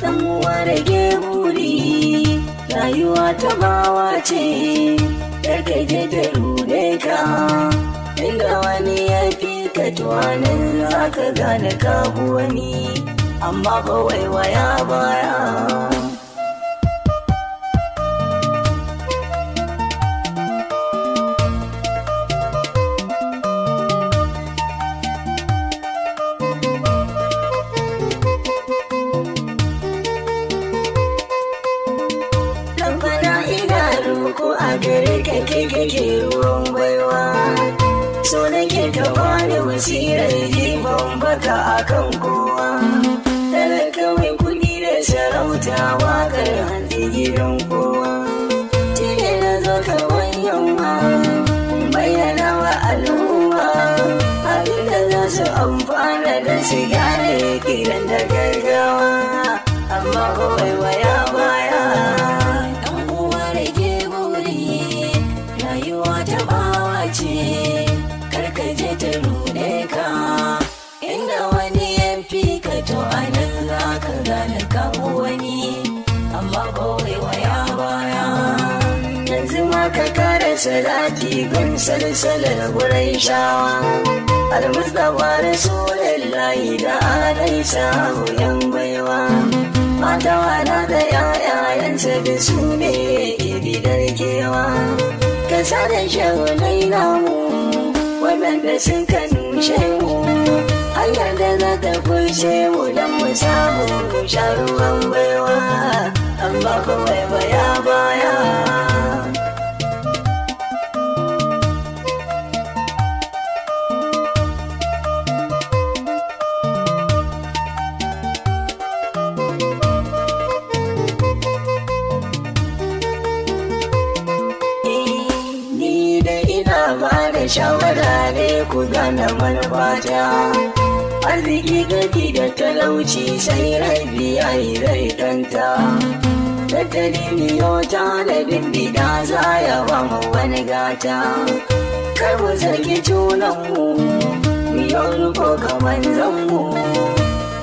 Dan uwa rage buri rayuwa ta bawa ce da gaje da rude ka inda wani ya fi ka tuwanin za ka gane ka wani amma ba waiwaya baya sarauta wakar hanzi gidan kowa cire na zo kawai ma bayyana wa al'umma abinda za su amfana da su gyara kiran salati gun salsalar gurai shawa almustafa rasulullahi da alai samu yan baiwa mata wala da yayayansa da su ne ibidar kewa kasa da mu namu waɗanda sun ka nushe mu hanyar da za ta kushe mu don mu samu sharuwan baiwa amma kuma baya baya shawarare ne ku gane manufata. Arziki gaki da talauci sai rabi ya yi rai ɗanta. Tattali miyota da bibbida za ya ba mu wani gata. Kar mu zargi junanmu, miyau rufo kamar zanmu.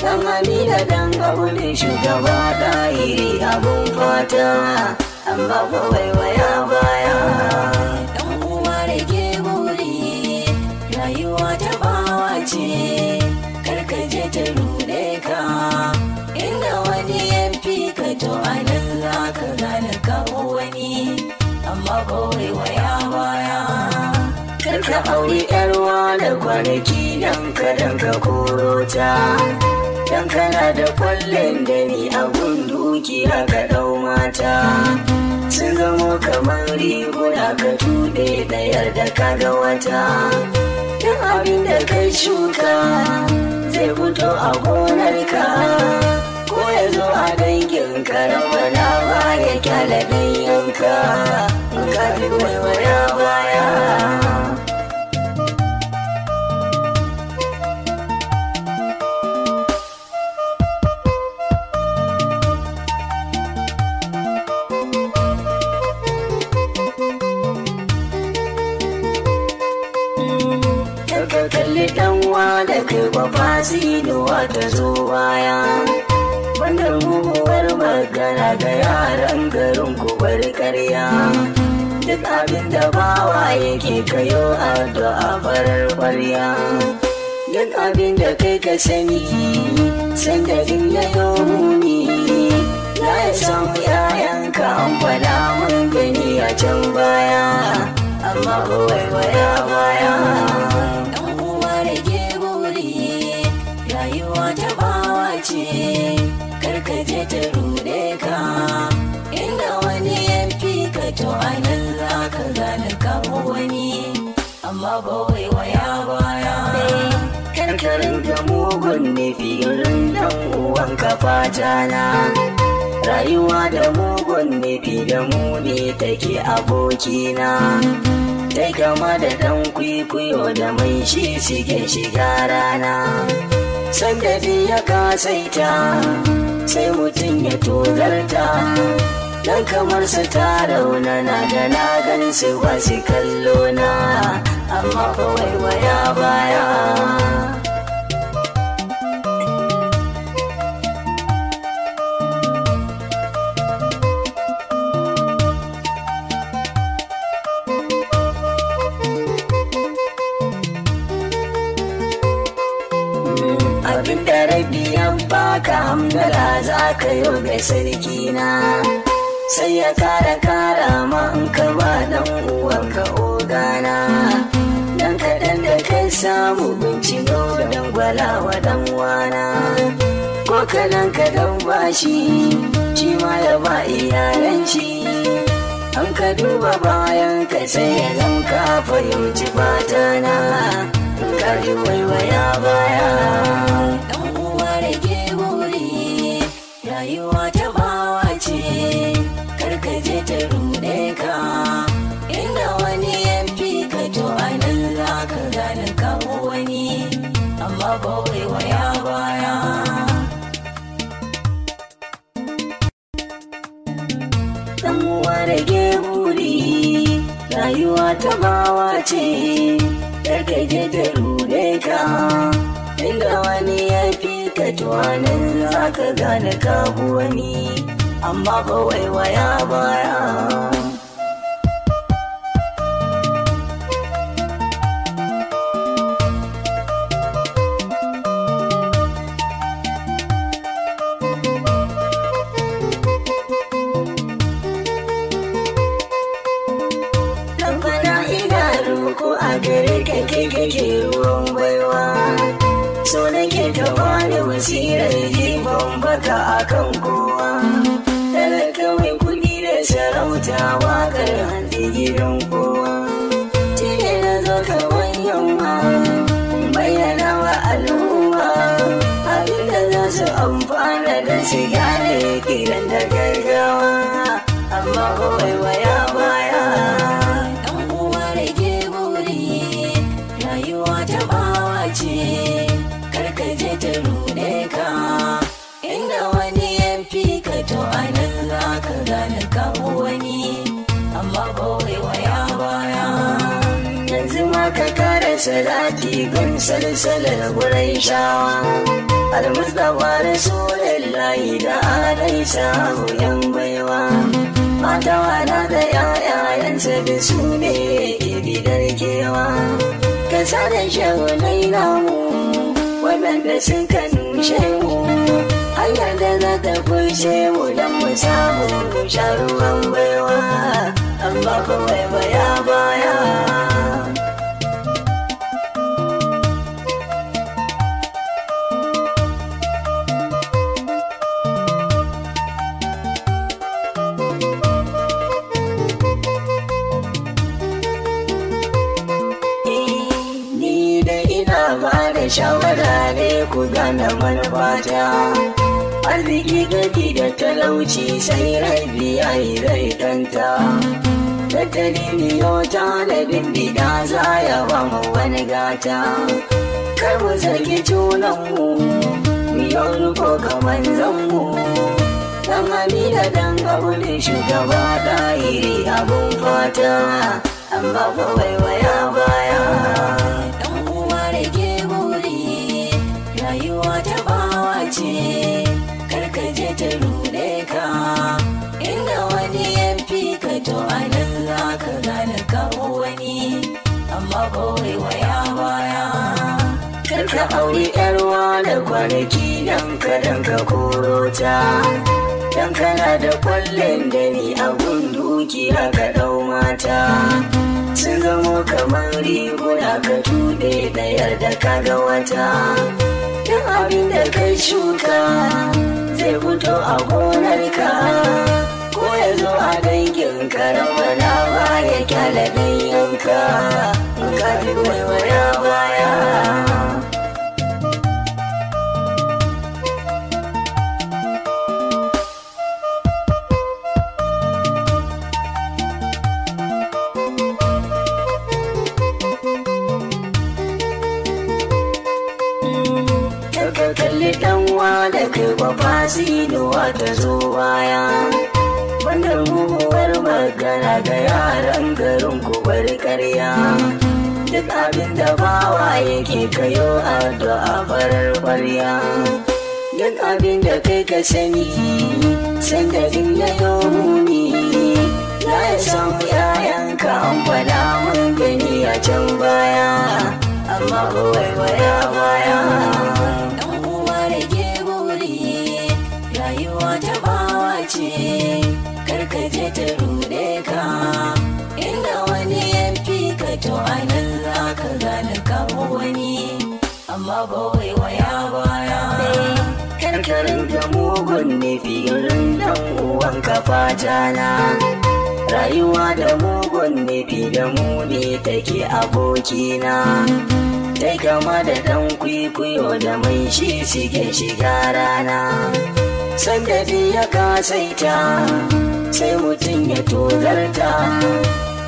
Dan Amina dan gaunin shugaba ɗayiri abun fata, an ba waiwaya baya. ka auri yarwa da kwanaki dan ka dan ka korota dan kana da kwallon da ni a dukiya ka dau mata sun zamo kamar riguna ka tuɗe da da ka ga wata Dan abin da kai shuka zai fito a gonarka ko ya zo a dangin karama na baya kyalaɗin yanka ka fi baya sinuwa ta zo baya bandar muguwar magana ga yaran garin kubar karya duk abin da bawa yake kayo addu'a farar kwarya duk abin da kai ka sani san da ya yomi na ya samu yayanka an faɗa mun gani a can baya amma kawai waya baya wata bawa ce je ta rude ka inda wani ya fi ka to anan za ka gane kamo wani amma ba wai waya baya karkarin da mugun nufi irin uwan kafa jana rayuwa da mugun nufi da mu ne take abokina ta kama da dan kwikwiyo da mai shi shige shiga rana Sandari ya kasaita sai mutum ya tozarta dan kamar su ta raunana da na gan su ba su kallo amma kawai waya baya ka hamdala za ka yau ga sarki na sai ya kara kara ma in ka ba dan ka ogana dan kaɗan da kai samu binciko dan wa dan wana ko ka kadan bashi shi ma ya ba iyalanci, shi an ka duba bayan ka sai ya zan ka fahimci fatana ka ji waiwaya baya rayuwa ta bawa ce karka je ta rude ka inda wani yan fi ka to nan za ka gane kawo wani amma ba wai waya baya dan uwa rage buri rayuwa ta bawa ce karka je ta rude tuwanin zaka za ka gane ka ni, amma ba waya baya amfana da shiga ne kiran da gaggawa amma kawai waya baya ɗan uwa rage buri rayuwa ta bawa ce karkaje ta rude ka inda wani yan fi ka to a nan za ka gane kawo wani amma kawai waya baya yanzu ma ka salati gun salsalar wurin shawa almustafa da alai samu yan baiwa mata wana da yaya da su ne ke bidar kewa ka sanar shagulai namu waɗanda suka nushe mu hanyar da za ta kushe mu don mu samu sharuwan sha ruwan baiwa amma kawai baya baya shawara ne ku gane manufata arziki gaki da talauci sai rabi ya yi rai danta tattali biyo da za ya ba mu wani gata kar mu zargi junanmu biyo riko kamar zanmu dan amina dan gabulin shugaba ɗahiri abun fata amma kawai waya baya wa ya baya kar ka auri yarwa da kwanaki dan ka don ka korota dan kana da kwallon da ni a gunduki ka ɗau mata sun zamo kamar riguna ka tuɗe ɗayar da ka ga wata duk abin da ka shuka zai fito a gonarka ko ya zo a dangin karama na ba ya kyala yanka. ni waiwaya baya kalli dan da kai kwafa sinuwa ta zo baya wannan muguwar magana da yaran garin ku karya duk abin da bawa yake kayo addu'a farar ƙwarya. duk abin da kai ka sani sanda din ya muni na samu yayanka an faɗa mun gani a can baya amma kawai waya baya dan uwa da rayuwa ta bawa ce karkaje ta rude ka inda wani ya fi ka to da rayuwa da mugun nufi da mu ne take abokina tai kama da dan kwikwiyo da mai shi suke shiga rana sanda ya kasaita sai mutum ya tozarta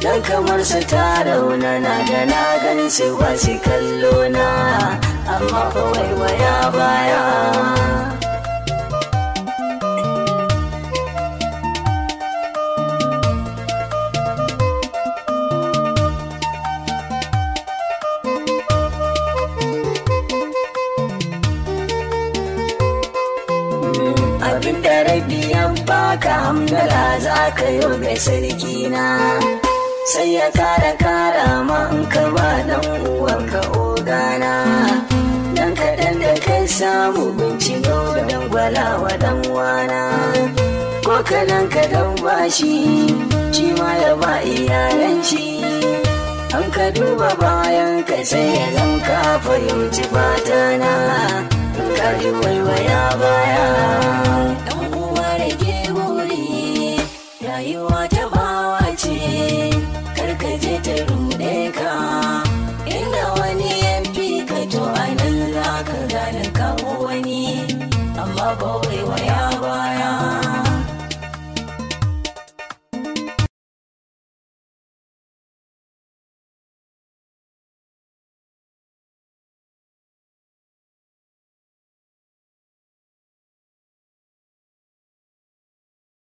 dan kamar su ta raunana da na gan su ba su kallo na amma kawai waya baya zaka hamdala za ka yi ga sarki na sai ya kara kara ma in ka ba dan uwanka ogana dan kaɗan da kai samu bincika dan gwalawa dan wana ko kaɗan ka dan bashi shi ma ya ba iyalan shi an ka duba bayan ka sai ya zan ka fahimci fatana ka yi waiwaya baya